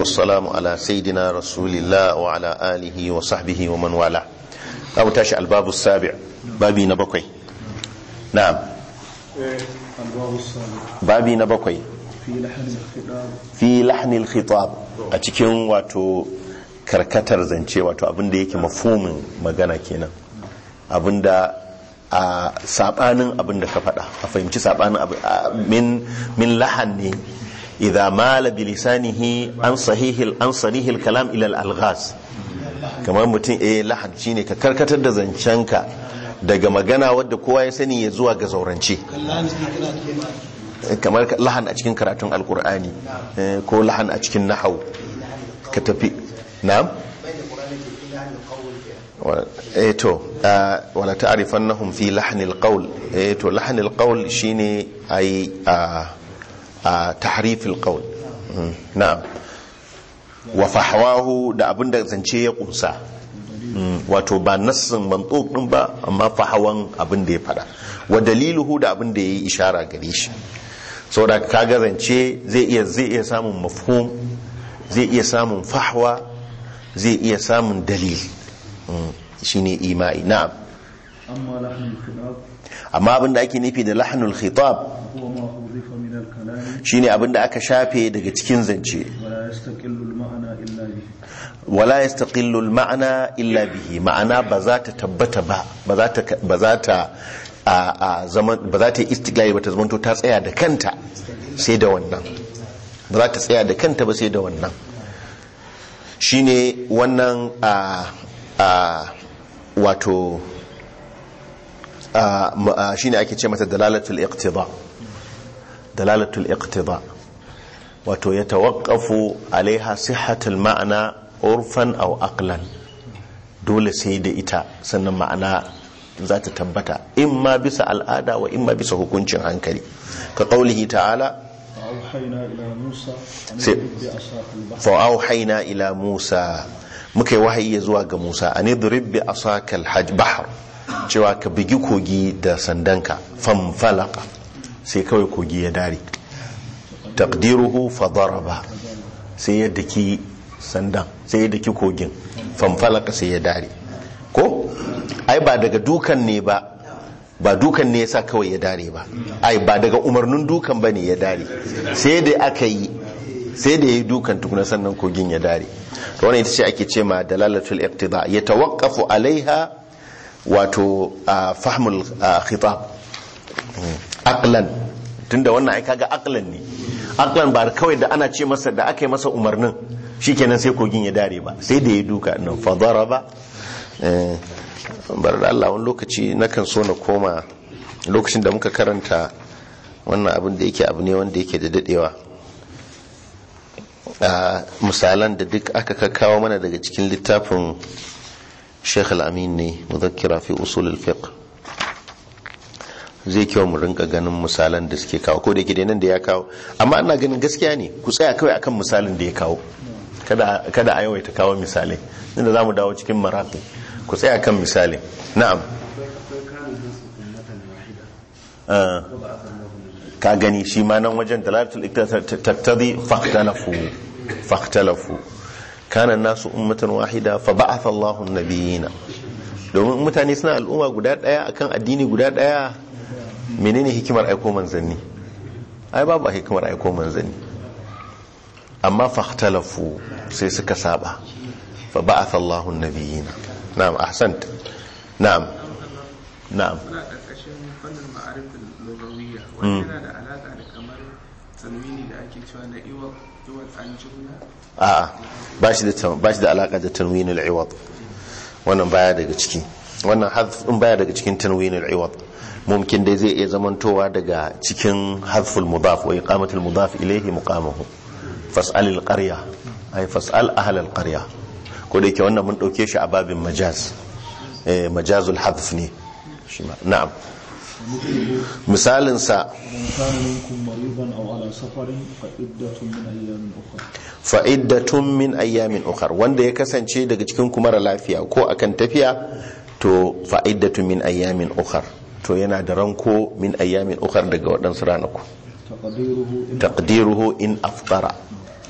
wasalamu ala sayidina rasulillah wa ala alihi wa sahbihi wa man wala abu tashi albabu sabi' babi bakwai na'am babi na bakwai fi lahni alkhitab a cikin wato karkatar zance wato abinda yake mafhumin magana kenan abinda a sabanin abinda ka faɗa a fahimci sabanin min min lahani idza mala bi lisanihi an sahihil an sarihil kalam ila al alghas kamar mutum eh lahab shine ka karkatar da zancenka daga magana wadda kowa ya sani ya zuwa ga zaurance kamar lahan a cikin karatun alkur'ani eh, ko lahan a cikin nahau ka tafi na'am eto eh, wala ta'rifannahum fi lahnil qawl eto eh, lahnil qawl shine ai a a tahrifil qaul na'am wa fahawahu da da zance ya kunsa wato ba nassin mantuk din ba amma fahawan abin da ya fada wa daliluhu da abin da ya yi ishara gare shi saboda kaga zance zai iya zai iya samun mafhum zai iya samun fahwa zai iya samun dalil mm. shine imai na'am amma abin da ake nufi da lahanul khitab shi ne abinda aka shafe daga cikin zance wala ya staƙillul ma'ana illa bihi ma'ana ba za ta tabbata ba ba za ta ba za ta a ba za ta ba ta zamanto ta tsaya da kanta sai da wannan ba za ta tsaya da kanta ba sai da wannan Shi ne wannan a wato shi ne ake ce mata dalalatul iqtida dalalatul iqtida wato ya tawaqqafu alaiha sihhatul ma'ana urfan aw aqlan dole sai da ita sannan ma'ana za ta tabbata ma bisa al'ada wa ma bisa hukuncin hankali ka qaulihi ta'ala fa'auhaina ila musa muka yi wahayi zuwa ga musa a ne duribbi a sakal bahar cewa ka bigi kogi da sandanka famfalaka sai kawai kogi ya dare takdiruhu fadaraba sai ya daki sandan sai ya daki kogin famfalaka sai ya dare ko ai ba daga dukan ne ba ba dukan ne yasa kawai ya dare ba ai ba daga umarnin dukan ba ne ya dare sai da aka yi sai da ya yi dukan tukuna sannan kogin ya dare to wani ita ce ake ce ma dalalatul iktida ya tawaqqafu alaiha wato a fahmul khitab hmm. tun tunda wannan ai kaga aklan ne aklan ba kawai da ana ce masa da aka yi masa umarnin shikenan sai kogin ya dare ba sai da ya duka nan fadara ba eh, bar Allah wani lokaci nakan so na koma lokacin da muka karanta wannan abin da yake abu ne wanda yake da dadewa a ah, misalan da duk aka kakkawa mana daga cikin littafin Sheikh Al-Amin ne muzakkira fi usul al-fiqh zai kyau mu rinka ganin misalan da suke kawo ko da ke nan da ya kawo amma ana ganin gaskiya ne ku tsaya kawai akan misalin da ya kawo kada a yawaita kawo misalai inda za mu dawo cikin marafi ku tsaya kan misali na'am ah. ka gani shi ma nan wajen dalatul tattadi faktalafu fahtalafu kana nasu ummatan wahida fa ba'atha Allahu nabiyina domin mutane suna al'umma guda daya akan addini guda daya menene hikimar aiko manzanni ai babu a hikimar aiko manzanni amma fahtalafu sai suka saba fa ba'atha Allahu nabiyina na'am ahsant na'am na'am a ba mm. da ba shi da alaka da tanwinul iwad wannan baya daga ciki wannan haɗin baya daga cikin tanwinul iwad mumkin dai zai iya zamantowa daga cikin harful mudaf wa iqamatul mudaf ilayhi muqamahu fas'al al qarya ay fas'al ahl al qarya ko da yake wannan mun dauke shi a babin majaz eh majazul hadf ne shi ma na'am misalin sa fa'iddatun min ayyamin ukhra wanda ya kasance daga cikin kuma mara lafiya ko akan tafiya to fa'iddatun min ayyamin ukhra to yana da ranko min ayyamin ukar daga waɗansu ranaku taqdiruhu in aftara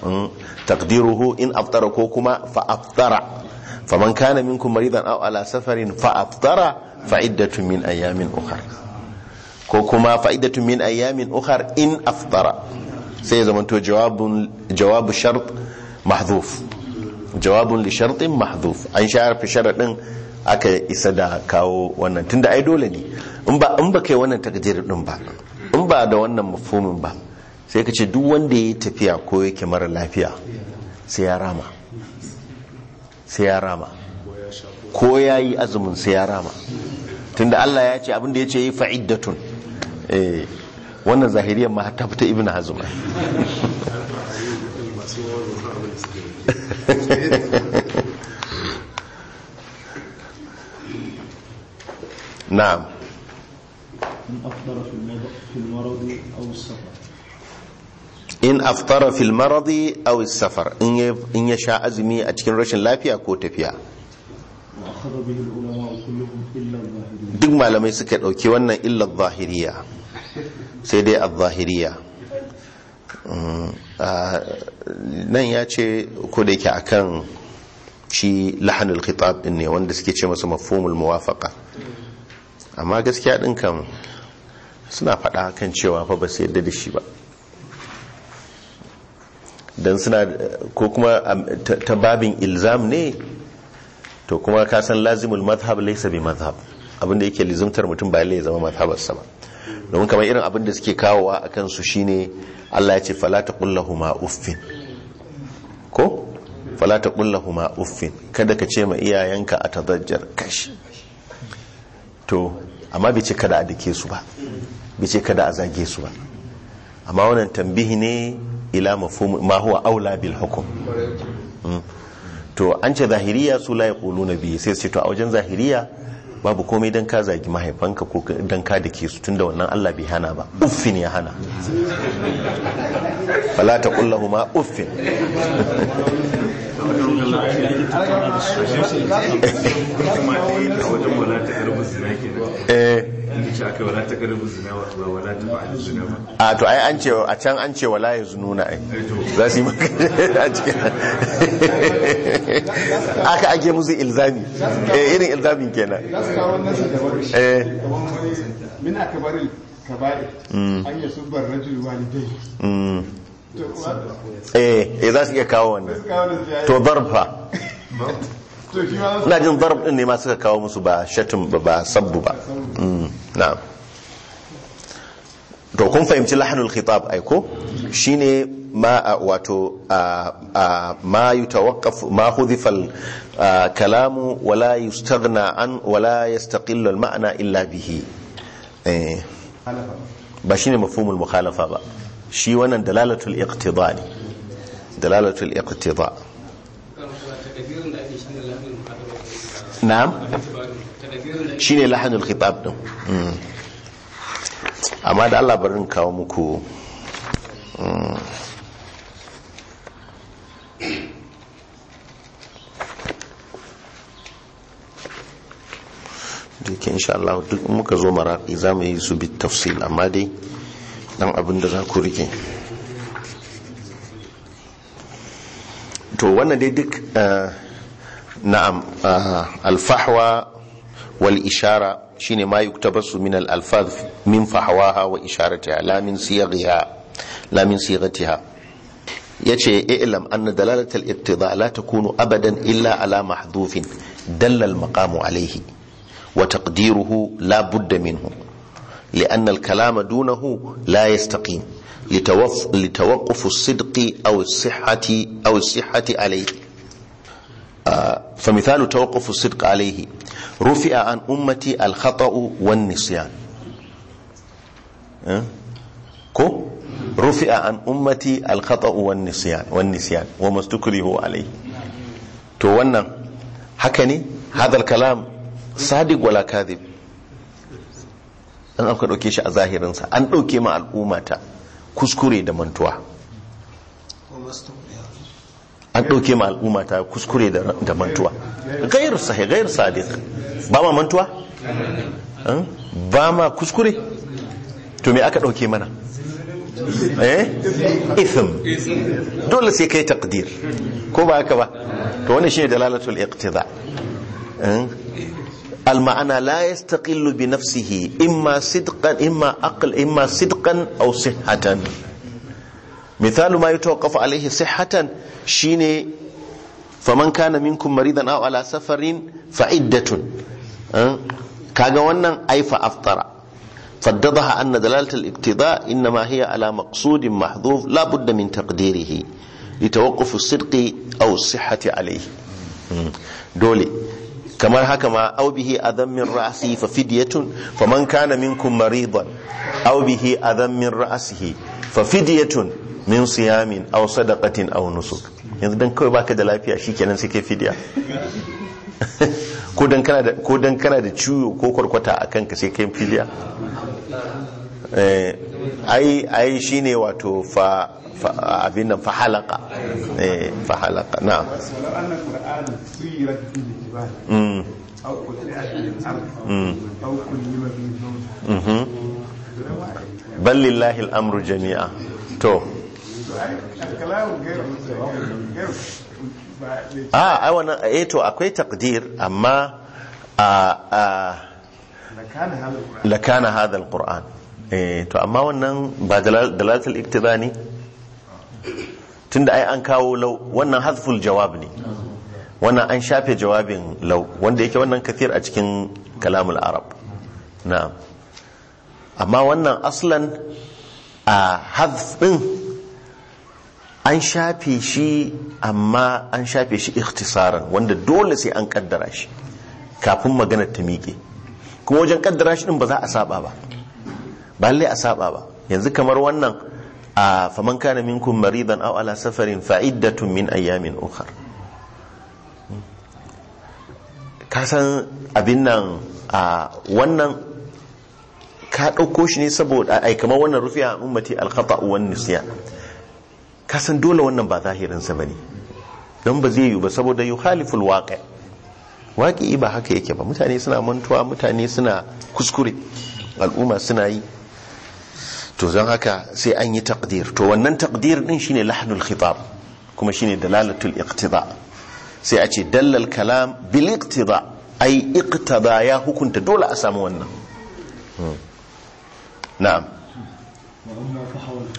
hmm? taqdiruhu in aftara ko kuma fa aftara faman kana minkum maridan aw ala safarin fa aftara fa iddatun min ayyamin ukar ko kuma fa iddatun min ayyamin ukar in aftara sai zama to jawabun jawabu shart mahdhuf jawabun li shartin mahdhuf an sharfi sharadin aka isa da kawo wannan tunda ai dole ne in ba in ba kai wannan takdir din ba in ba da wannan mafhumin ba sai ka ce duk wanda ya tafiya ko yake mara lafiya sai ya rama sai ya rama ko ya yi azumin sai ya rama tunda Allah ya ce abinda ya ce yi fa'iddatun eh wannan zahiriyar ma ta fita ibn hazm na'am in aftara fil maradi aw safar in ya sha azumi a cikin rashin lafiya ko tafiya duk malamai suka dauki wannan illa zahiriya sai dai a zahiriya nan ya ce ko da yake akan shi lahanul khitab din ne wanda suke ce masa mafhumul muwafaqa amma gaskiya din kan suna faɗa kan cewa fa ba su yadda da shi ba don suna ko kuma ta babin ilzam ne to kuma ka san lazimul mazhab laisa bi mazhab abinda yake lizumtar mutum ba ya zama mazhabarsa ba domin kamar irin abun da suke kawowa a kansu shine Allah ya ce fala ma uffin ko fala ma uffin kada ka ce ma iyayenka a tazajjar kashi to amma bai ce kada a dake su ba bai ce kada a zage su ba amma wannan tambihi ne ila mafhum ma huwa aula bil hukum hmm. to an ce zahiriya su la yaquluna bi sai su ce to a wajen zahiriya babu komai dan ka zagi mahaifanka ko dan ka dake su tunda wannan Allah bai hana ba uffin ya hana fala taqul lahumu uffin Eh. a to ai an ce a can an ce wala ya zununa ai eh za su yi maka a cikin aka ake musu ilzami eh irin ilzamin kenan eh min akbaril kaba'i mm. an yi su yasubba rajul walidai mm. eh, eh za su iya kawo wannan to barfa ina jin darab ɗin ne ma suka kawo musu ba shatin ba ba sabbu ba mm, na'am to kun fahimci lahanul khitab ai ko shine ma wato ma yutawaqqaf ma hudhifa kalamu wala yustaghna an wala yastaqillu al-ma'na illa bihi eh ba shine mafhumul mukhalafa ba shi wannan dalalatul iqtida ne dalalatul iqtida na'am shine lahanul khitab din amma da Allah barin kawo muku duk insha Allah duk muka zo maraki za mu yi su bi tafsil amma dai dan abin da za ku rike to wannan dai duk نعم آه، الفحوى والإشارة شين ما يقتبس من الألفاظ من فحواها وإشارتها لا من صيغها لا من صيغتها يتي اعلم أن دلالة الاتضاء لا تكون أبدا إلا على محذوف دل المقام عليه وتقديره لا بد منه لأن الكلام دونه لا يستقيم لتوقف الصدق أو الصحة أو الصحة عليه fa mithalu tawqufu sidq alayhi rufi'a an ummati al khata'u wan nisyan eh? ko rufi'a an ummati al khata'u wan nisyan wa mastukrihu alayhi to wannan haka ne hadal kalam sadiq wala kadhib an aka shi a zahirinsa an ɗauke ma al'ummata kuskure da mantuwa an ɗauke ma al'umma ta kuskure da mantuwa gairu sahi gairu sadiq ba ma mantuwa ba ma kuskure to me aka ɗauke mana eh ithm dole sai kai takdir ko ba haka ba to wani shine dalalatul iqtida المعنى لا يستقل بنفسه إما صدقا إما أقل إما صدقا أو صحة misalu ma yutawqafu alaihi sihhatan shine faman kana minkum maridan aw ala safarin fa iddatun eh? kaga wannan aifa aftara faddadaha anna dalalata al-iqtida inma hiya ala maqsudin mahdhuf la budda min taqdirihi litawaqquf as-sidqi aw as-sihhati alayhi hmm. dole kamar haka ma aw bihi adam min ra'si fa fidyatun faman kana minkum maridan aw bihi adam min ra'sihi fa fidyatun min siyamin aw sadaqatin aw nusuk yanzu dan kawai baka da lafiya shikenan sai kai fidiya ko dan kana da ko dan kana da ciwo ko kwarkwata a kanka sai kai fidiya eh ai ai shine wato fa abin nan fa halaka eh fa halaka na'am mm mm bal lillahi al-amru jami'a to a ai wannan eh to akwai takdir amma a ah, ah, lakana hadal alquran eh, to amma wannan ba dalalatul iktiba ne tunda ai an kawo law wannan hazful jawab ne wannan an shafe jawabin law wanda yake wannan kathir a cikin kalamul arab na'am amma wannan aslan a ah, hazf din an shafe shi amma an shafe shi ikhtisaran wanda dole sai an kaddara shi kafin magana ta miƙe kuma wajen kaddara shi din ba za a saba ba ba lai a saba ba yanzu kamar wannan a faman kana minkum maridan aw ala safarin fa min ayamin ukhar ka san abin nan a wannan ka ɗauko shi ne saboda ai kamar wannan rufiya ummati al-khata wan nisyan kasan dole wannan ba zahirinsa ba ne don ba zai yi ba saboda yi haliful waƙe waƙi ba haka yake ba mutane suna mantuwa mutane suna kuskure al'umma suna yi to zan haka sai an yi takdir to wannan takdir din shine lahnul khitab kuma shine dalalatul iqtida sai a ce dallal kalam bil iqtida ai iqtada ya hukunta dole a samu wannan hmm. na'am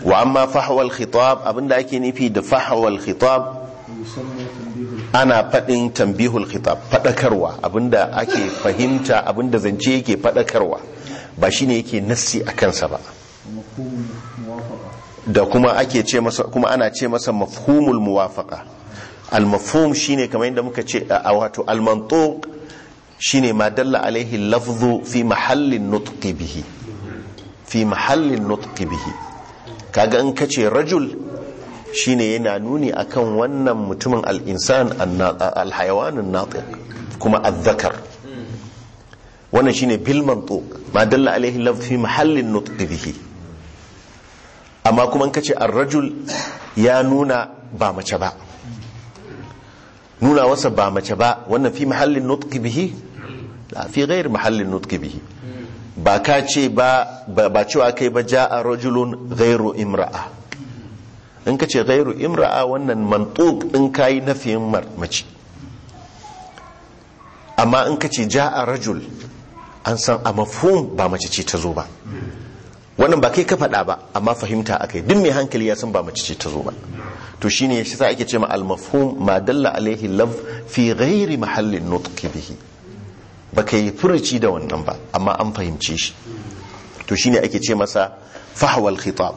wa amma fahawal khitab abinda ake nufi da fahawal khitab ana faɗin tambihul khitab faɗakarwa abinda ake fahimta abinda zance yake faɗakarwa ba shine yake nassi a kansa ba da kuma ake ce masa kuma ana ce masa mafhumul muwafaqa al mafhum shine kamar yadda muka ce a wato al mantuq shine ma dalla alaihi lafzu fi mahallin nutqi bihi fi mahallin nutqi bihi kaga in kace rajul shine yana nuni akan wannan mutumin al-insan al-hayawanin natiq kuma al dhakar wannan shine bil mantuq ma dalla alayhi lafz fi mahallin nutqi bihi amma kuma in kace ar-rajul ya nuna ba mace ba nuna wasa ba mace ba wannan fi mahallin nutqi bihi la fi ghair mahallin nutqi bihi ba ka ce ba ba cewa kai ba a rajulun gairu imra'a in ka ce gairu imra'a wannan mantuk din na nafiyin mace amma in ka ce a rajul an san a mafun ba mace ce ta zo ba wannan ba kai ka faɗa ba amma fahimta akai duk mai hankali ya san ba mace ce ta zo ba to shine shi sa ake ce ma al mafhum ma dalla alaihi lafi fi ghairi mahallin nutqi bihi ba ka yi furuci da wannan ba amma an fahimci shi to shine ake ce masa fahawal khitab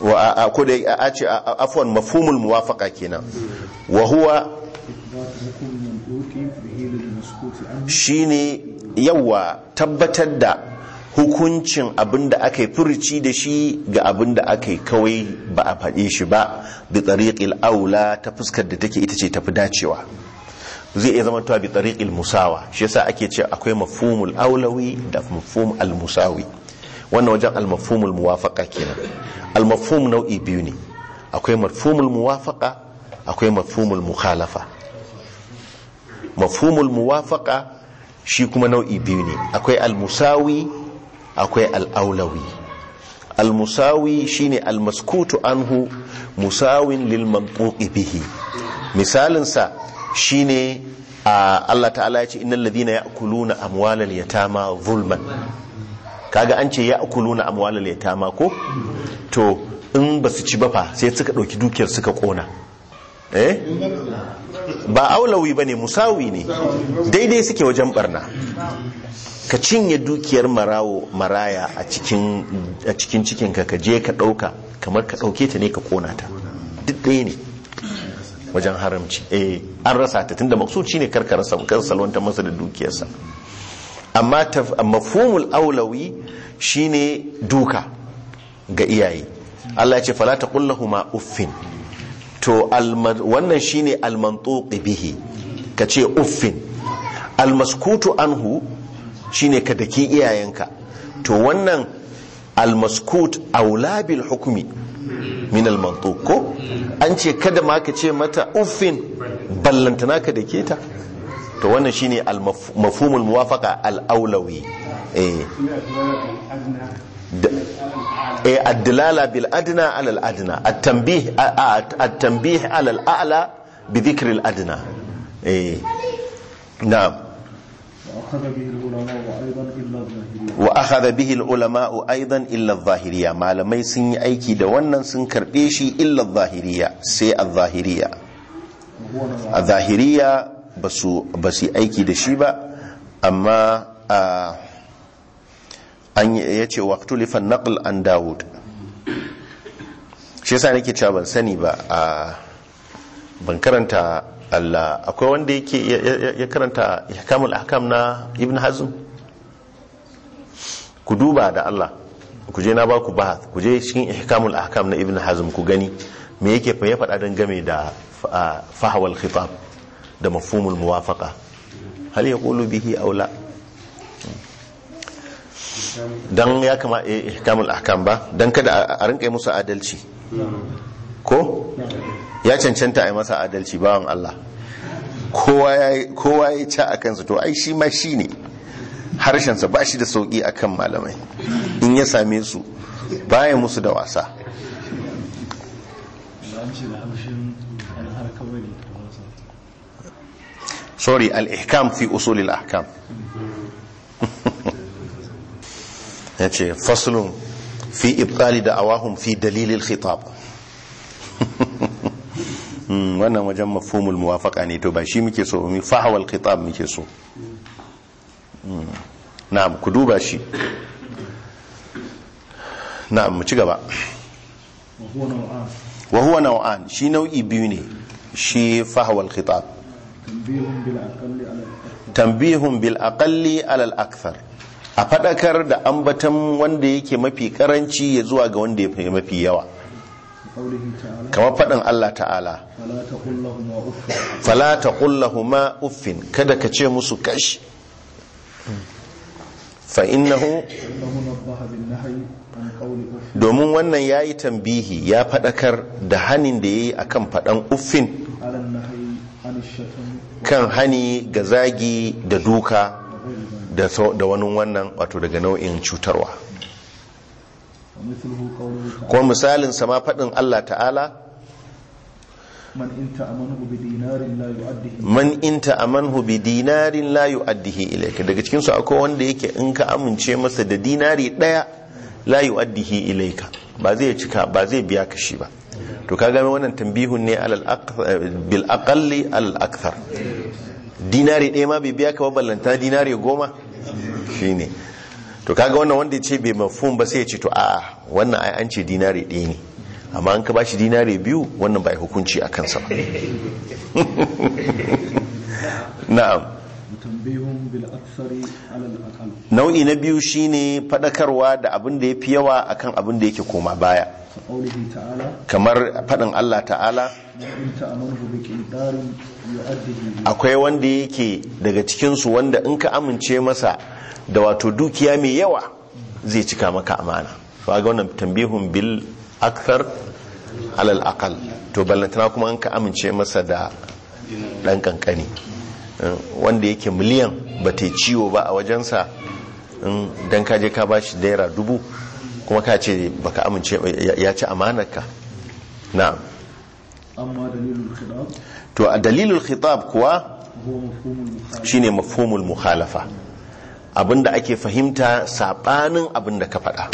wa ko da a ce afwan mafhumul muwafaqa kenan wa huwa shine yawa tabbatar da hukuncin abinda aka yi furuci da shi ga abinda da aka yi kawai ba a faɗe shi ba bi tsariƙil aula ta fuskar da take ita ce tafi dacewa zai iya tuwa bi tariqil musawa shi yasa ake ce akwai mafhumul aulawi da mafhum al wannan wajen al mafhumul muwafaqa kenan al nau'i biyu ne akwai mafhumul muwafaqa akwai mafhumul mukhalafa mafhumul muwafaqa shi kuma nau'i biyu ne akwai almusawi akwai al almusawi al musawi shine al maskutu anhu musawin lil mantuqi bihi misalin sa Shi shine Allah ta'ala ya ce innal ladhina ya'kuluna amwalal yatama zulman kaga an ce ya'kuluna amwalal yatama ko to in ba su ci bafa sai suka ɗauki dukiyar suka kona eh ba aulawi ba ne musawi ne daidai suke wajen barna ka cinye dukiyar marawo maraya a cikin cikin ka je ka ɗauka. kamar ka ɗauke ta ne ka kona ta duk ɗaya ne wajen haramci eh an rasa ta tunda maksud shine karkar kan salwanta masa da dukiyarsa amma mafhumul aulawi shine duka ga iyaye Allah ya ce fala kulla huma uffin to wannan shine almantuqi bihi kace uffin almaskutu anhu shine ka daki iyayenka to wannan almaskut aula bil hukmi Minal al ko an ce kada ma ka ce mata uffin ballantana ka da keta to wannan shine al-mafhumul muwafaqa al-aulawi eh eh ad-dilala bil adna ala al-adna at-tanbih at-tanbih ala al-a'la bi dhikri al-adna eh na'am wa akhadha bihi al-ulama aidan illa adh-dhahiriyya malamai sun yi aiki da wannan sun karbe shi illa zahiriya dhahiriyya sai al zahiriya al dhahiriyya basu basu aiki da shi ba amma an yace li an-naql an Dawud shi yasa nake cewa ban sani ba ban karanta Allah akwai wanda yake ya karanta ihkamul ahkam na Ibn Hazm ku duba da Allah ku je na baku ba ku je cikin ihkamul ahkam na Ibn Hazm ku gani me yake fa ya faɗa don game da fahawal khitab da mafhumul muwafaqa hal yaqulu bihi aw la dan ya kama eh, ihkamul ahkam ba dan kada a rinka musu adalci ko ya cancanta a yi masa adalci bawan Allah kowa ya ca a kansa to ai shi ma shi ne harshensa ba shi da sauki a kan malamai in ya same su baya musu da wasa sorry al fi usulil ahkam ya ce faslun fi ibtali da awahun fi dalilil khitab Hmm, wannan wajen mafumul muwafaka ne to ba shi muke so mu fahawal khitab muke so hmm, na'am ku duba shi na'am mu ci gaba wa huwa naw'an shi nau'i biyu ne shi fahawal khitab tambihun bil aqalli alal akthar a fadakar da ambatan wanda yake mafi karanci ya zuwa ga wanda ya mafi yawa kamar faɗin Allah ta'ala fala taqul huma uffin kada ka ce musu kashi fa domin wannan ya yi tambihi ya faɗakar da hanin da ya yi a kan faɗan uffin kan hani ga zagi da duka da wani wannan wato daga nau'in cutarwa ko misalin sama faɗin Allah ta'ala man inta amanhu bi dinarin la yu'addihi ilayka daga cikin su akwai wanda yake in ka amince masa da dinari daya la yu'addihi ilayka ba zai cika ba zai biya ka shi ba to ka kaga wannan tambihun ne alal bil aqalli al akthar dinari daya ma bai biya ka ba ballanta dinari goma shine to kaga wannan wanda ya ce bai mafhum ba sai ya ce to a wannan ai an ce dinari ɗaya ne amma an ka bashi dinare biyu wannan bai hukunci a kansa ba na'am nau'i na biyu shine fadakarwa da abin da ya fi yawa akan abin da yake koma baya kamar fadin Allah ta'ala akwai wanda yake daga cikinsu wanda in ka amince masa da wato dukiya mai yawa zai cika maka amana ba ga wannan tambihun bil akthar alal aqal to ballantana kuma an ka amince masa da ɗan ƙanƙani. wanda yake miliyan ba ta ciwo ba a wajensa don kaje ka ba shi naira dubu kuma ka ce baka amince ya ci amanarka na'am amma to a dalilul khitab kuwa Shi shine mafomul mukhalafa abinda ake fahimta sabanin abinda ka faɗa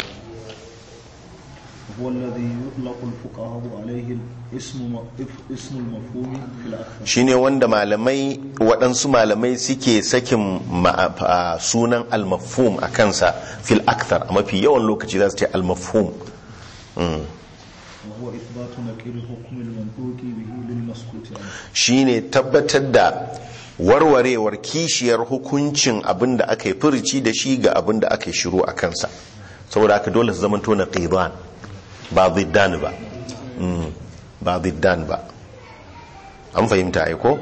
shi ne wanda malamai waɗansu malamai suke sakin sunan almafum a kansa fil akthar a mafi yawan lokaci za su ce almafum Shi ne tabbatar da warwarewar kishiyar hukuncin abinda aka yi furici da shi ga abinda aka yi shiru a kansa saboda aka dole su zama tona qidan ba ziddan ba mm. ba ziddan ba an fahimta ai ko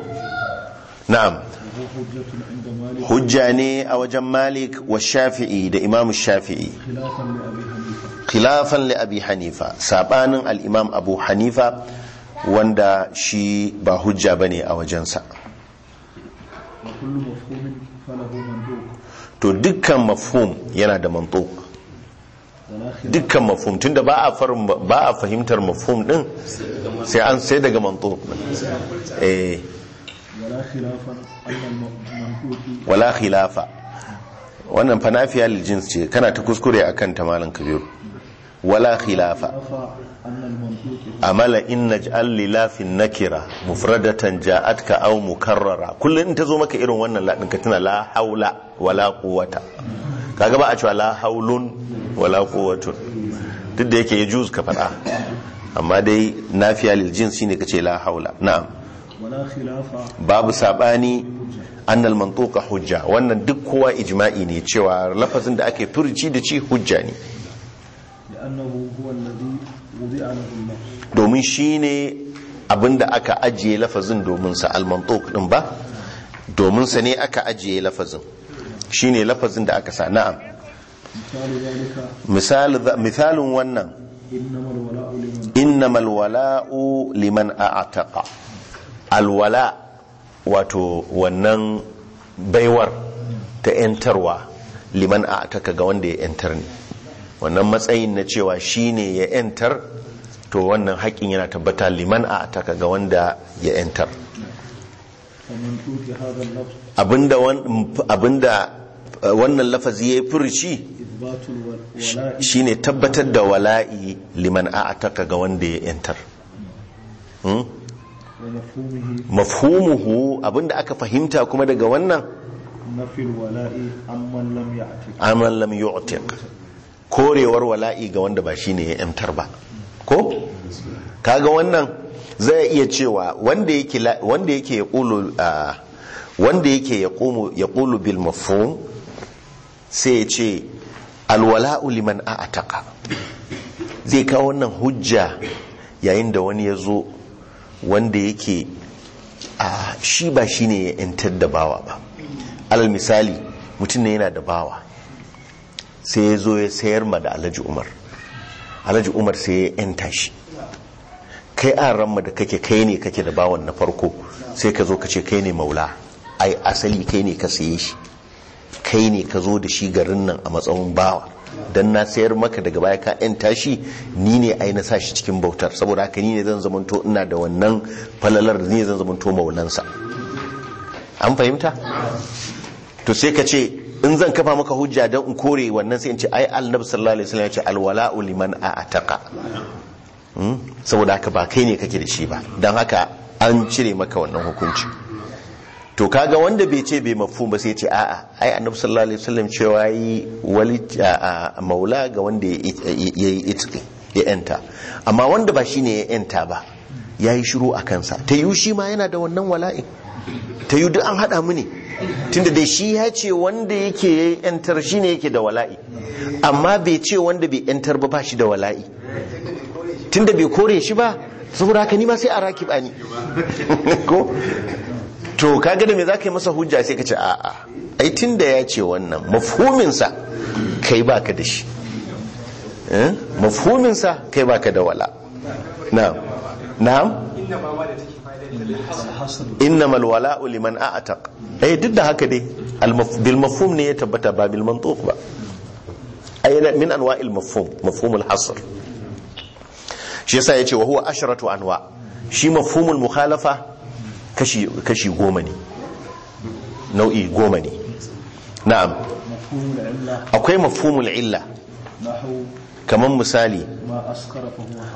na'am hujja ne a wajen malik wa shafi'i da imam shafi'i khilafan li abi hanifa sabanin al-imam abu hanifa wanda shi ba hujja bane a wajensa to dukkan mafhum yana da mantuq dukkan mafum tun ba ba a fahimtar mafum din sai an sai daga manto eh. wala khilafa wannan fanafiya aljins ce kana ta kuskure a kan malam kabiru wala khilafa amala in naj'al lilafin nakira mufradatan ja'atka aw mukarrara kullum in zo maka irin wannan ladin ka tana la haula wala quwwata kaga ba a cewa la haulun wala quwwatun duk da yake ya juz ka faɗa amma dai nafiya lil jin shine kace la haula na'am babu sabani annal mantuqa hujja wannan duk kowa ijma'i ne cewa lafazin da ake turci da ci hujja ne domin shine abinda aka ajiye lafazin domin sa al mantuq din ba domin sa ne aka ajiye lafazin shine lafazin da aka sa na'am misalin wannan innamal wala'u liman a'ataqa alwala wato wannan baiwar ta 'yantarwa liman a'ataka ga wanda ya 'yantar ne wannan matsayin na cewa shine ya 'yantar to wannan haƙƙin yana tabbata liman a'ataka ga wanda ya 'yantar abinda abinda uh, wannan lafazi yayi furci shine tabbatar da wala'i liman a'taka ga wanda ya yantar hmm? mafhumuhu abinda aka fahimta kuma daga wannan amman lam yu'tiq korewar wala'i ga wanda ba shine ya yantar ba ko kaga wannan zai iya cewa wanda yake ya yake yaqulu uh, wanda yake bil mafhum sai ya ce alwala'u liman ataka zai kawo wannan hujja yayin da wani ya zo wanda yake a uh, shi ba shi ne ya intar da bawa ba alal misali mutum ne yana da bawa sai ya zo ya sayar ma da alhaji umar alhaji umar sai ya yanta shi kai an ranmu da kake kai ne kake da bawan na farko sai ka zo ka ce kai ne maula ai asali kai ne ka saye shi kai ne ka zo da shi garin nan a matsayin bawa don na sayar maka daga baya ka yan tashi ni ne ai na sashi cikin bautar saboda haka ni ne zan zamanto ina da wannan falalar ni ne zan zamanto maulansa an fahimta to sai ka ce in zan kafa maka hujja don in kore wannan sai in ce ai annabi sallallahu alaihi wasallam ya ce alwala'u liman a'taqa Hmm? saboda haka ba kai ne kake da shi ba don haka an cire maka wannan hukunci to kaga wanda bai ce bai mafhum ba sai ce a'a ai annabi sallallahu alaihi wasallam cewa yi wali maula ga wanda ya yi itqi ya yanta amma wanda ba shine ya yanta ba yayi shiru a kansa ta yi shi ma yana da wannan wala'i. ta yi duk an haɗa mu ne tunda da shi ya ce wanda yake yantar shi ne yake da wala'i amma bai ce wanda bai yantar ba ba shi da wala'i tunda bai kore shi ba saboda haka nima sai a rakiba ni ko to kaga da me za ka yi masa hujja sai ka ce a'a ai tunda ya ce wannan mafhuminsa kai ba ka da shi eh? mafhuminsa kai ba ka da wala na'am na'am innamal wala'u liman a'taq eh duk da haka dai bil mafhum ne ya tabbata ba bil mantuq ba ay min anwa'il mafhum mafhumul hasr shi yasa yace wa huwa asharatu anwa shi mafhumul mukhalafa kashi kashi goma ne nau'i goma ne na'am akwai mafhumul illa kamar misali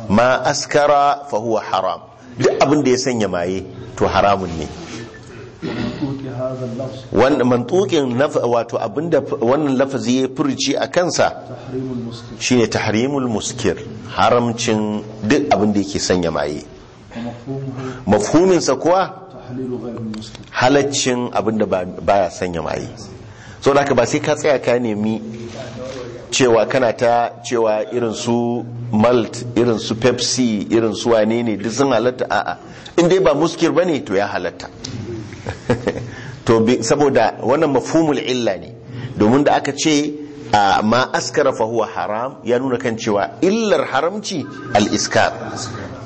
ma askara fa huwa haram duk abin da ya sanya maye to haramun ne mantukin wato abinda wannan lafazi ya furci a kansa shine tahrimul muskir haramcin duk abinda yake sanya maye mafhuminsa kuwa halaccin abinda baya sanya maye so da ba sai ka tsaya ka nemi cewa kana ta cewa irin su malt irin su pepsi irin su wane ne duk sun halatta a'a in dai ba muskir ba ne to ya halatta to saboda wannan mafhumul illa ne domin da aka ce ma askara fa huwa haram ya nuna kan cewa illar haramci al-iskar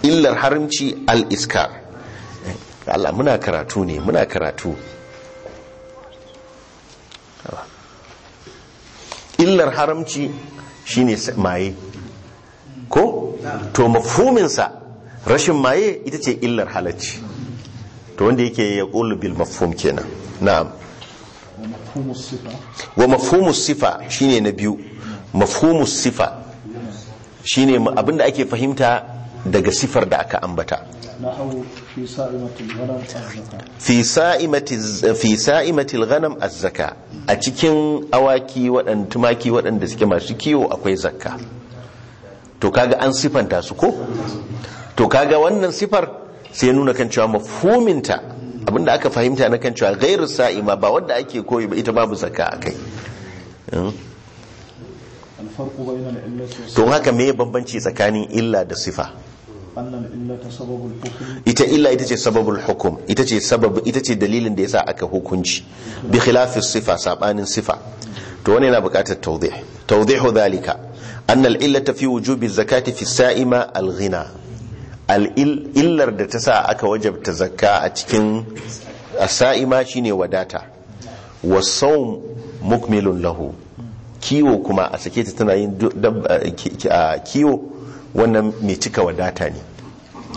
illar haramci al-iskar Allah muna karatu ne muna karatu illar haramci shine maye ko to mafhuminsa rashin maye ita ce illar halacci to wanda yake ya bil mafhum kenan na'am wa mafhumus sifa shine na biyu mafhumus sifa shine abinda ake fahimta daga sifar da aka ambata fi sa'imatil ghanam az-zaka a cikin awaki wadan tumaki da suke masu kiwo akwai zakka to kaga an sifanta su ko to kaga wannan sifar sai nuna kan cewa mafhuminta abinda aka fahimta na kan cewa gairu sa'ima ba wanda ake koyi ba ita babu zaka a kai hmm? to haka mai bambanci tsakanin illa da sifa ita illa ita ce sababul hukum ita ce sababu ita ce dalilin da yasa aka hukunci bi khilafi sifa sabanin sifa to wani yana buƙatar tawdih tawdihu dhalika anna al illa fi wujubi zakati fi sa'ima al ghina al’illar da ta sa aka wajabta zakka a cikin sa'ima shi ne wadata wasau mukmilun lahu kiwo kuma a sake ta tana yin kiwo wannan mai cika wadata ne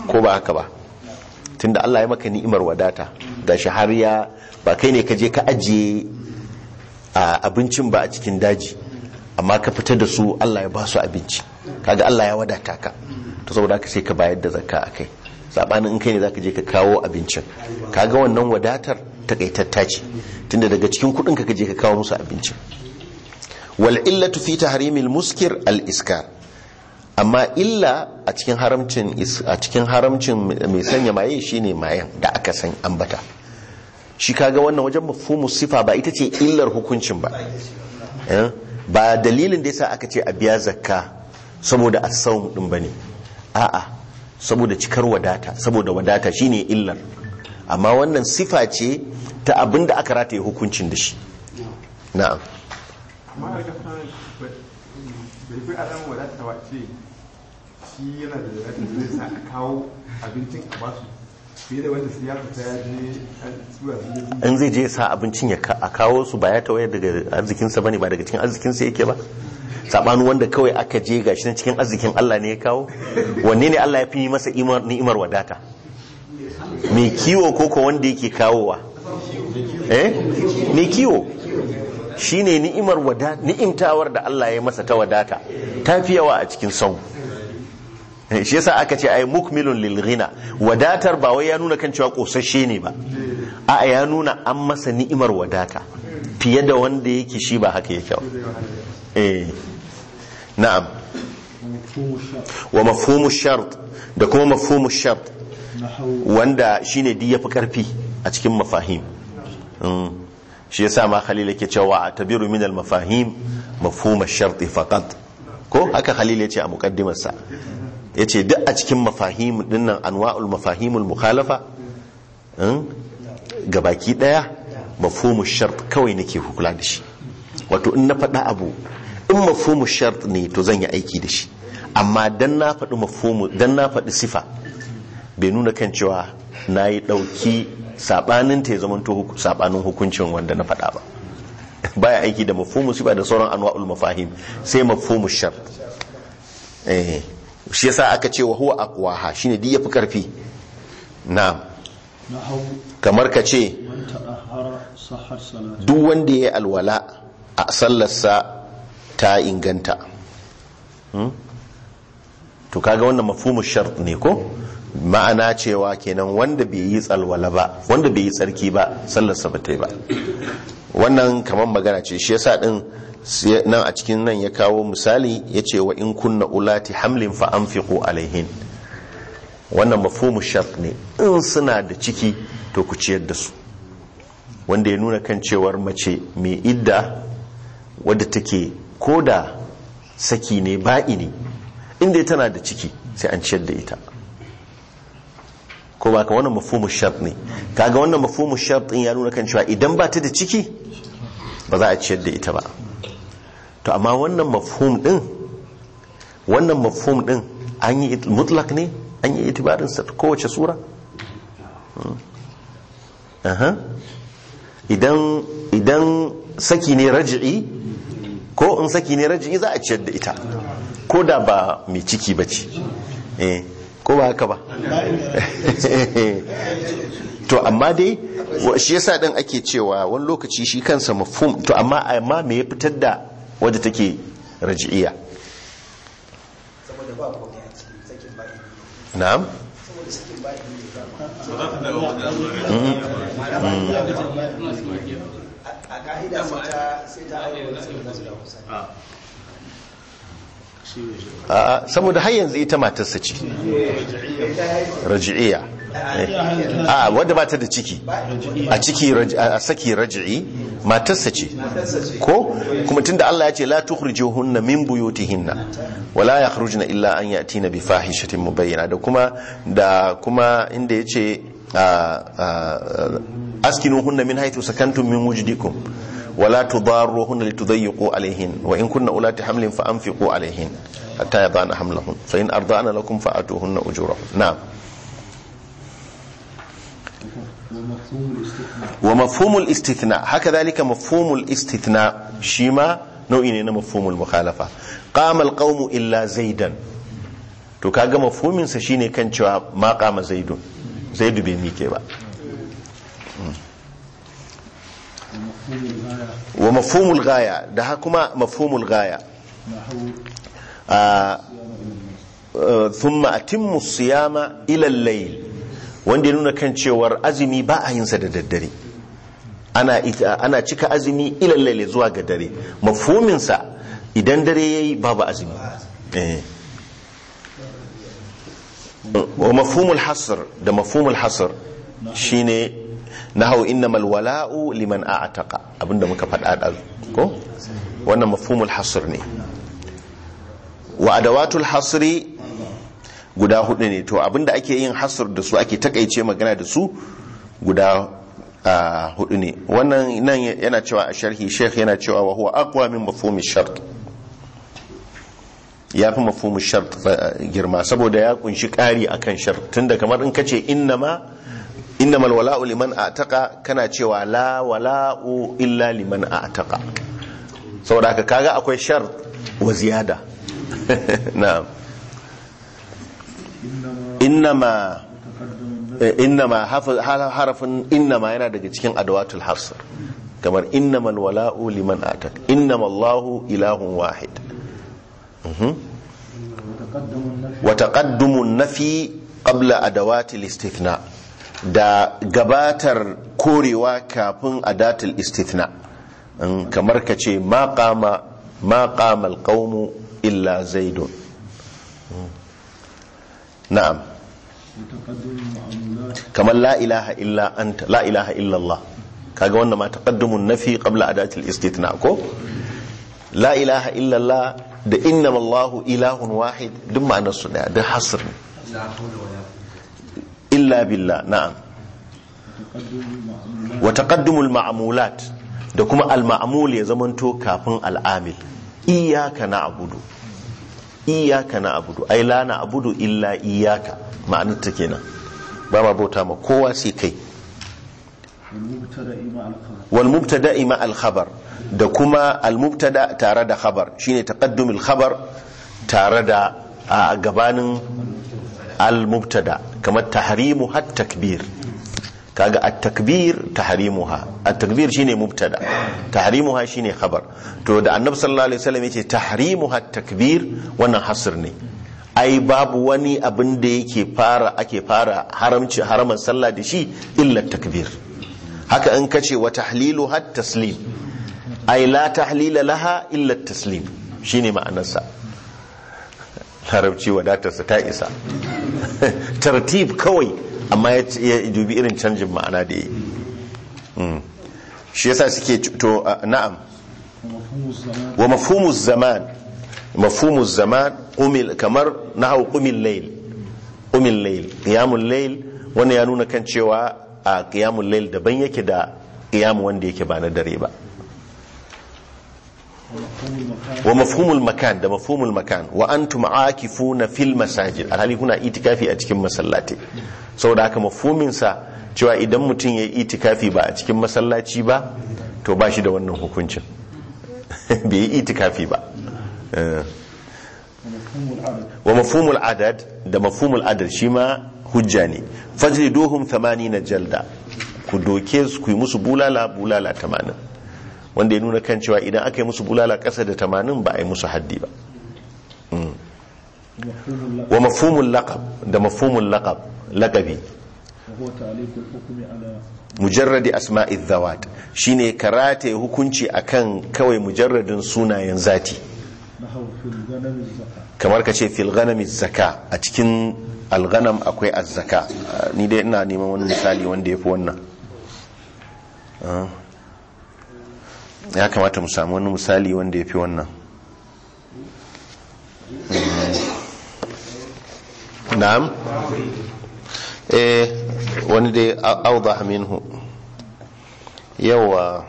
ko ba haka ba tunda Allah ya maka ni'imar wadata da ya ba kai ne ka je ka ajiye abincin ba a cikin daji amma ka fita da su Allah ya ba su abinci kaga Allah ya wadata ka to saboda aka sai ka bayar da zakka a kai. sabanin in kai ne zaka je ka kawo abincin kaga wannan wadatar takaitatta ce tunda daga cikin kudin ka je ka kawo musu abincin wal illatu fi tahrimil muskir al iskar amma illa a cikin haramcin a cikin haramcin mai sanya maye shine mayan da aka san ambata shi kaga wannan wajen mafhumu sifa ba ita ce illar hukuncin ba eh? ba dalilin da yasa aka ce a biya zakka saboda a asawm din bane a'a saboda cikar wadata saboda wadata shine illar amma wannan sifa ce ta abin da aka rataye hukuncin da shi na'am In zai je a je sa abincin ya kawo su ba ya tawaye daga arzikinsa ba ne ba daga cikin arzikinsa yake ba sabanin wanda kawai aka je gashi na cikin arzikin Allah ne ya kawo wanne ne Allah ya fi masa ni'imar wadata mai kiwo ko ko wanda yake kawowa eh mai kiwo shine ni'imar wadata ni'imtawar da Allah ya masa ta wadata ta fi a cikin sau eh, shi yasa aka ce ai mukmilun lil ghina wadatar ba wai ya nuna kan cewa kosasshe ne ba A'a ya nuna an masa ni'imar wadata fiye da wanda yake shi ba haka yake ba eh na'am wa mafhumu shart da kuma mafhumu shart wanda shine di yafi karfi a cikin mafahim hmm. shi yasa ma khalil yake cewa a tabiru min al mafahim mafhum shart faqat ko haka khalil yace a muqaddimarsa yace duk a cikin mafahim dinnan anwa'ul mafahimul mukhalafa hmm, gabaki daya mafhumu shart kawai nake hukula da shi wato in na faɗa abu in mafumu shart ne to zan yi aiki da shi amma dan na faɗi dan na faɗi sifa bai nuna kan cewa na yi ɗauki saɓanin ta ya zama saɓanin hukuncin wanda na faɗa ba baya aiki da mafumu sifa da sauran anwa'ul mafahim sai mafumu shart eh, shi yasa aka ce wa huwa aqwaha shine duk yafi karfi Na, kamar ka ce duk wanda ya yi alwala a sallarsa ta inganta hmm? to kaga wannan mafhumu shart ne ko ma'ana cewa kenan wanda bai yi tsalwala ba wanda bai yi tsarki ba sallarsa ba ta yi ba wannan kamar magana ce shi yasa din nan a cikin nan ya kawo misali ya ce wa in kunna ulati hamlin fa anfiqu alaihin wannan mafhumu shart ne in suna da ciki to ku ciyar da su wanda ya nuna kan cewar mace mai idda wadda take ko da saki ne ba'i ne inda tana da ciki sai an ciyar da ita ko ba ka wannan mafhumu shart ne kaga wannan mafhumu shart ya nuna kan cewa idan ba ta da ciki ba za a ciyar da ita ba to amma wannan mafhum din wannan mafhum din an yi mutlak ne an yi itibarin sa kowace sura hmm. idan saki ne raj'i ko in saki ne raji'i za a ciyar da ita ko da ba mai ciki ba ce eh, ko ba haka ba to amma dai shi yasa din ake cewa wani lokaci shi kansa mafum to amma amma me ya fitar da wadda take raji'iya na'am saboda mm-hmm. mm-hmm. Ah. saboda har yanzu ita matarsa ce raji'iya a wadda ba ta da ciki a ciki a saki raji'i matarsa ce ko kuma tunda Allah ya ce la tukhrijuhunna min buyutihinna wala yakhrujna illa an yatina bi fahishatin mubayyana da kuma da kuma inda yace a ah, ah, askinuhunna min haythu sakantum min wujdikum wala tudarruhunna litudayyiqu alayhin wa in kunna ulati hamlin fa anfiqu alayhin hatta yadana hamlahun fa in arda'na lakum fa atuhunna ujurahun na'am wa mafhumul istithna haka zalika mafhumul istithna shima nau'i ne na mafhumul mukhalafa qama alqawmu illa zaidan to kaga mafhumin sa shine kan cewa ma qama zaidun zaidu bai mike ba Mm. wa mafhumul gaya da ha kuma mafhumul gaya ah, eh, thumma atimmu siyama ila wanda ya nuna kan cewar azumi ba a yinsa da daddare ana cika azumi ila zuwa ga dare Mafuminsa idan dare yayi babu azumi eh. mm. wa mafhumul hasr da mafhumul hasr shine nahau innamal wala'u liman a'taqa abinda muka fada da ko wannan mafhumul hasr ne wa adawatul hasri guda hudu ne to abinda ake yin hasr da su ake takaice magana da su guda hudu ne wannan nan yana cewa a sharhi sheikh yana cewa wa huwa aqwa min mafhumi shart ya fi mafhumin shart girma saboda ya kunshi kari akan shart tunda kamar in kace innama innamal wala'u liman ataqa kana cewa la wala'u illa liman ataqa saboda ka kaga akwai shar wa ziyada na'am innama eh, innama harafin innama yana daga cikin adawatul hasr kamar innamal wala'u liman ataqa innamallahu ilahun wahid na fi ƙabla أدوات الاستثناء da gabatar korewa kafin a datul istithna kamar ka ce ma kama ma kama illa zaidun na'am kamar la ilaha illa anta la ilaha illa Allah kaga wannan ma taqaddumun nafi qabla adatil istithna ko la ilaha illa Allah da innamallahu ilahun wahid duk ma'anar su daya da hasr ne illa billah na'am wa taqaddumul ma'mulat da kuma al-ma'mul ya zamanto kafin al-amil iyyaka na'budu iyyaka na'budu ai la na'budu illa iyyaka ma'anar ta kenan ba ma bauta ma kowa sai kai wal mubtada'i ima al-khabar da kuma al-mubtada tare da khabar shine taqaddumul khabar tare da a gabanin al-mubtada kamar tahrimu hat takbir kaga at-takbir tahrimuha at-takbir shine mubtada tahrimuha shine khabar to da annabi sallallahu alaihi wasallam yace tahrimu at-takbir wannan hasr ne ai babu wani abin da yake fara ake fara haramci haraman sallah da shi illa takbir haka in kace wa tahlilu hat taslim ai la tahlila laha illa taslim shine ma'anarsa larabci wadatarsa ta isa tartib kawai amma ya dubi irin canjin ma'ana da ya yi hmm. shi yasa suke to na'am wa mafumus zaman mafumus zaman umil kamar hau umil lail umil lail kiyamun lail wani ya nuna kan cewa a kiyamun lail daban yake da kiyamun wanda yake ba na dare ba wa mafhumul makan da mafhumul makan wa antum aakifuna fil masajid alhali kuna itikafi a cikin masallati saboda haka mafhumin sa cewa idan mutum ya itikafi ba a cikin masallaci ba to ba shi da wannan hukuncin bai itikafi ba eh. wa mafhumul adad da mafhumul adad shi ma hujja ne fajliduhum 80 jalda ku doke su ku yi musu bulala bulala 80 wanda ya nuna kan cewa idan aka yi musu bulala ƙasa da tamanin ba a yi musu haddi ba mm. wa mafumin laƙab da mafhumul laqab laqabi mujarradi asma'i shi ne karate hukunci akan kawai mujarradin sunayen zati kamar ka ce filganami zaka a cikin alganam akwai azzaka ni dai ina neman wani misali wanda ya fi wannan ah. ya kamata mu samu wani misali wanda ya fi wannan mm. na'am eh wani dai auza minhu yawa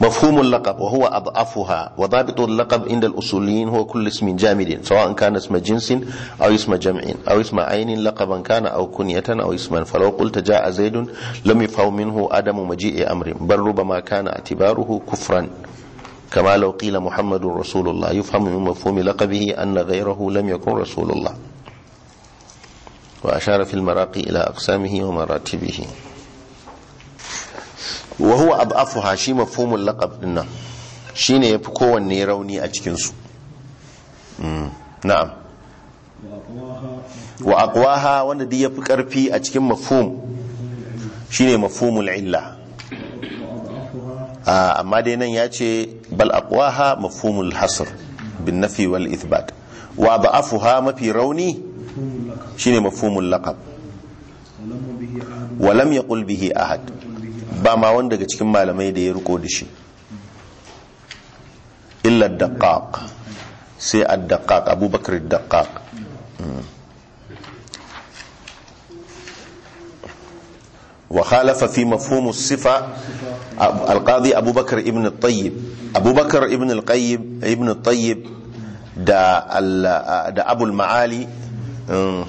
مفهوم اللقب وهو أضعفها وضابط اللقب عند الأصوليين هو كل اسم جامد سواء كان اسم جنس أو اسم جمع أو اسم عين لقبا كان أو كنية أو اسما فلو قلت جاء زيد لم يفهم منه عدم مجيء أمر بل ربما كان اعتباره كفرا كما لو قيل محمد رسول الله يفهم من مفهوم لقبه أن غيره لم يكن رسول الله وأشار في المراقي إلى أقسامه ومراتبه wa huwa ad'afuha shi mafhumul laqab din nan shine yafi kowanne rauni a cikinsu. Mm, na'am wa aqwaha wanda duk yafi ƙarfi a cikin mafhum ne mafhumul illa ah, amma dai nan ya ce bal aqwaha mafhumul hasr bin nafi wal ithbat wa da'afuha mafi rauni shi ne mafhumul laqab wa lam yaqul bihi ahad ba ma wanda daga cikin malamai da ya riko da shi illa daƙaƙ sai a daƙaƙ abubakar daƙaƙ wa halafa fi mafhumu sifa alƙazi abubakar ibn tayyib abubakar ibn tayyib da abul ma'ali um,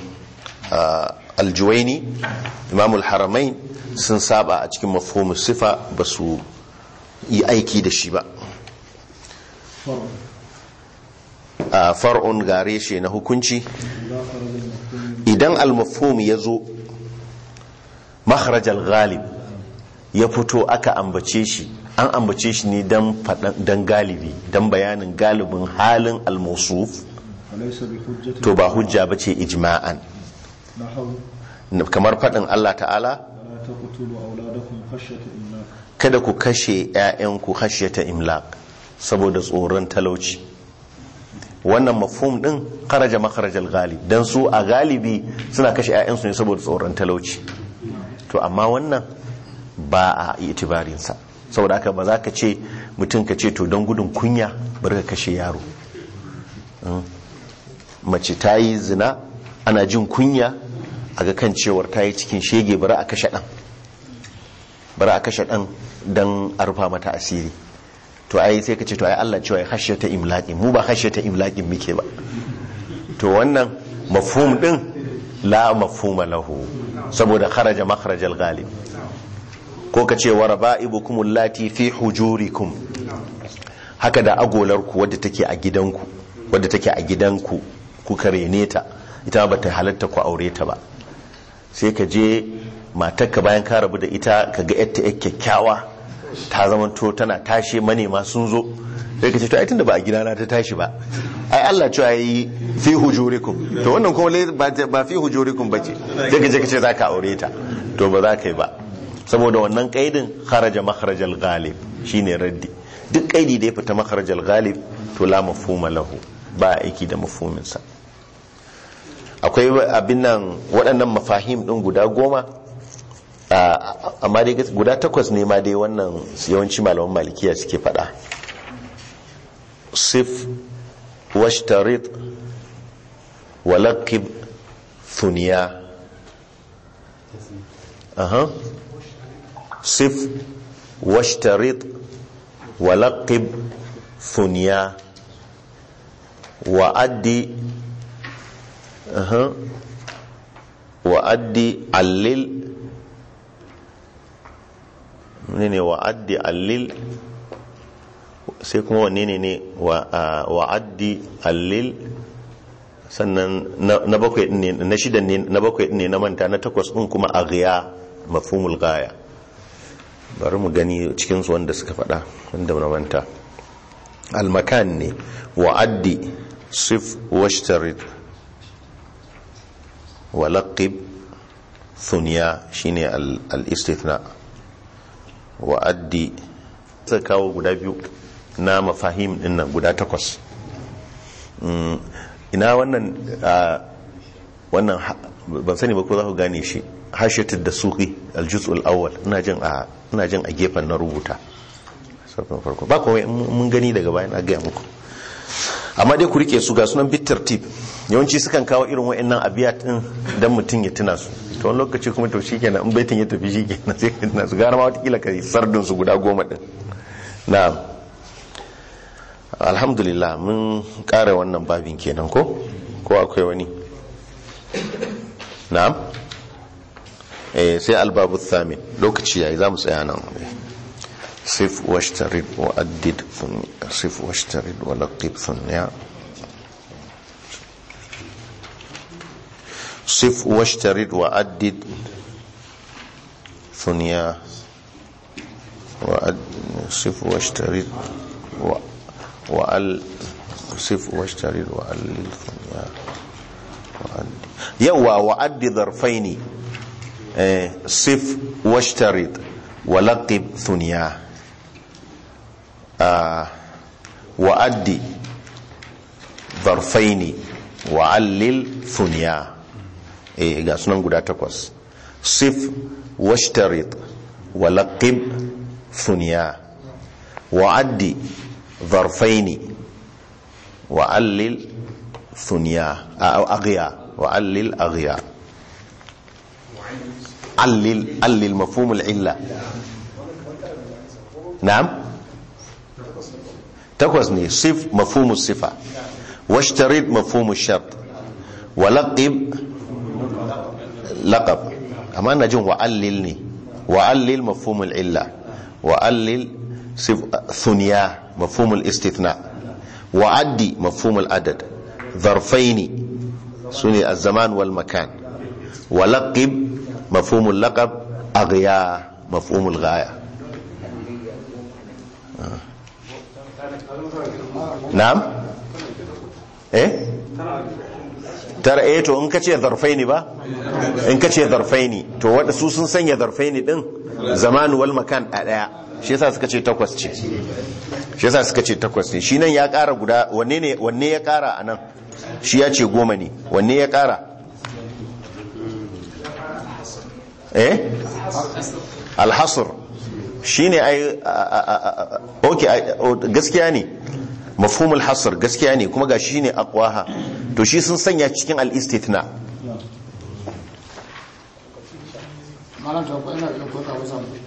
uh, aljuwaini imamul Haramai sun saba a cikin mafhumin sifa ba su yi aiki da shi ba a far'un gare shi na hukunci idan al ya zo makharajal galib ya fito aka ambace shi an ambace shi ne don galibi don bayanin galibin halin almusuf, to ba hujja ba ce ijima'an. kamar faɗin Allah ta'ala kada ku kashe 'ya'yanku ta imlaq saboda tsoron talauci wannan mafum din karaja makharajal galib don su a galibi suna kashe 'ya'yansu ne saboda tsoron talauci to amma wannan ba a itibarinsa saboda haka ba za ka ce mutum ka ce to don gudun kunya bari ka kashe yaro hmm? mace ta yi zina ana jin kunya a ga kan cewar ta yi cikin shege bari a kashe ɗan bari a kashe ɗan don a rufa mata asiri to ai sai ka ce to ai Allah cewa ya hashe ta imlaƙi mu ba hashe ta imlaƙi muke ba to wannan mafhum ɗin la mafhuma lahu saboda kharaja makharajal galib ko ka ce wa raba'ibukum allati fi hujurikum haka da agolarku wadda take a gidanku wadda take a gidanku kuka rene ta ita ba ta halatta ku aure ta ba sai ka je matarka bayan ka rabu da ita ka ga yadda ya kyakkyawa ta zamanto tana tashe manema sun zo sai ka ce to ai tunda ba a na ta tashi ba ai Allah cewa yi fi hujurikum to wannan kuma ba fi hujurikum bace sai ka je ka ce ka aure ta to ba za ka yi ba saboda wannan kaidin kharaja makharajal ghalib shine raddi duk kaidi da ya fita makharajal ghalib to la mafhuma lahu ba aiki da mafhumin sa akwai abin nan waɗannan mafahim ɗin guda goma amma dai guda takwas ne ma dai wannan yawanci malaman malikiya suke faɗa sif washtarit walakib thuniya sif washtarit walakib thuniya wa'addi wa'addi allil ne ne wa'addi allil sai kuma wanne ne ne wa'addi allil sannan na bakwai ne na shida ne na bakwai ne na manta na takwas ɗin kuma a aghiya mafhumul gaya bari mu gani cikin su wanda suka faɗa wanda na manta almakan ne wa'addi sif washtarit walaqib thuniya shine al-istithna wa addi ta kawo guda biyu na mafahim din nan guda takwas mm, ina wannan wannan ban sani ba ko za ku gane shi hashatul da suki al-juz' ina jin a gefen na rubuta ba kuma mun gani daga bayan a gaya muku amma dai ku rike su ga sunan bitter tip yawanci sukan kawo irin wa'in nan abiya din dan mutum ya tuna su to wani lokaci kuma to kenan in baitin ya tafi kenan sai ka tuna su gara ma watakila ka sardin su guda goma din na'am alhamdulillah mun kare wannan babin kenan ko ko akwai wani na'am eh sai albabu thamin lokaci yayi za mu tsaya nan صف واشترد وأدد ثم صف واشترد ولقب ثم صف واشترد وأدد ثنيا وأد صف واشترد وأل صف واشترد وألل ثنيا وأد وأد ظرفين إيه، صف واشترد ولقب ثنياه wa'addi barfaini wa'allil funiya e ga sunan guda takwas sif washtarit walaqib funiya wa'addi barfaini wa'allil funiya a aghiya wa'allil aghiya allil علل مفهوم العله na'am. تكوزني صف مفهوم الصفة واشتريد مفهوم الشرط ولقب لقب أما نجم وعللني وعلل مفهوم العلة وعلل ثنيا مفهوم الاستثناء وعدي مفهوم العدد ظرفين سني الزمان والمكان ولقب مفهوم اللقب أغيا مفهوم الغايه na'am eh tara eh to in kace zarfaini ba in kace zarfaini to wanda su sun sanya zarfaini din zamanu wal makan a daya shi yasa suka ce takwas ce shi yasa suka ce takwas ne shi nan ya kara guda wanne ne wanne ya kara anan shi ya ce goma ne wanne ya kara eh al-hasr shine ai okay gaskiya ne mafhumul hasr gaskiya ne kuma gashi shine aqwaha to shi sun sanya cikin al-istithna malam ta ko ina da ko ka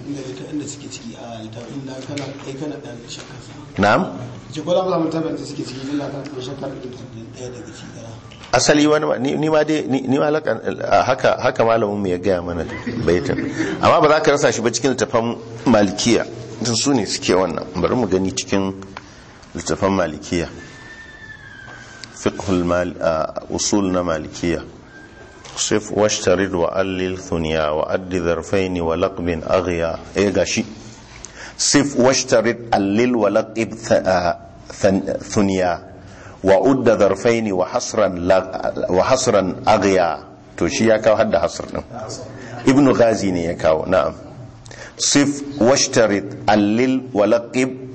inda ta inda suke ciki a littafin da kana kai kana da shakkar na'am ji ko da musa mutabin da suke ciki da kana da shakkar da ɗaya daga cikin asali wani ni ma dai ni ma haka haka malamin mu ya gaya mana baitin amma ba za ka rasa shi ba cikin littafan malikiya tun su ne suke wannan bari mu gani cikin littafan malikiya fiqhul mal usul na malikiya sif washtarid wa allil thunya wa addi dharfain wa laqbin aghya eh gashi sif washtarid allil wa laqib thunya wa udda zarfaini wa hasran wa hasran aghya to shi ya kawo hadda hasr din ibnu ghazi ne ya kawo na'am sif washtarit allil walaqib laqib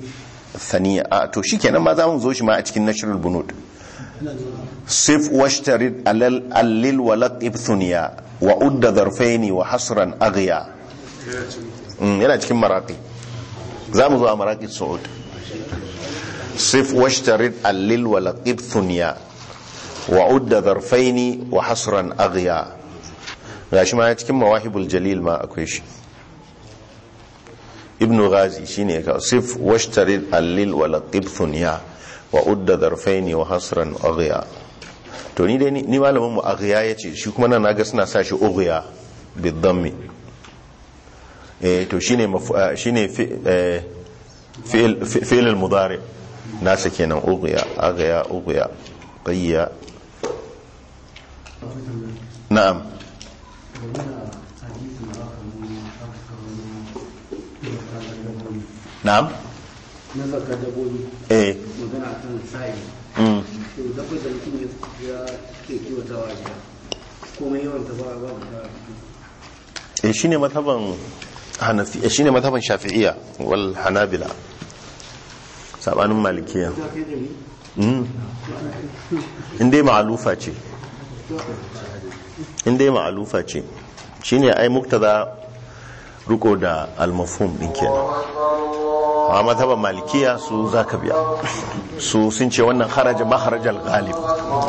thaniya to shikenan ma za mu zo shi ma a cikin nashrul bunud sif washtarit allil walaqib laqib thaniya wa udda zarfaini wa hasran aghya mm, yana cikin maraqi za mu zo a maraqi su'ud صف واشترط الليل ولقب ثنيا وعد ظرفين وحصرا أغيا gashi ma ya cikin mawahibul jalil ma akwai shi ibn ghazi shine ka sif washtarid allil wa laqib thunya wa udda dharfaini wa hasran aghya to ni dai ni malamin mu aghya yace shi kuma nan naga suna sa shi aghya bi dammi eh to shine shine fi'il fi'il mudari' nasa kenan uguya agaya uguya na eh magana kan sai mm da mutum ya ke gida eh shine mazhaban hanafi eh, shine shafi'iyya wal hanabila sabanin malikiya hmm. inda ma'alufa ce inda ma'alufa ce shine ai za ruko da almafum din kenan a mataba malikiya su zaka biya su sun ce wannan haraja maharajal galib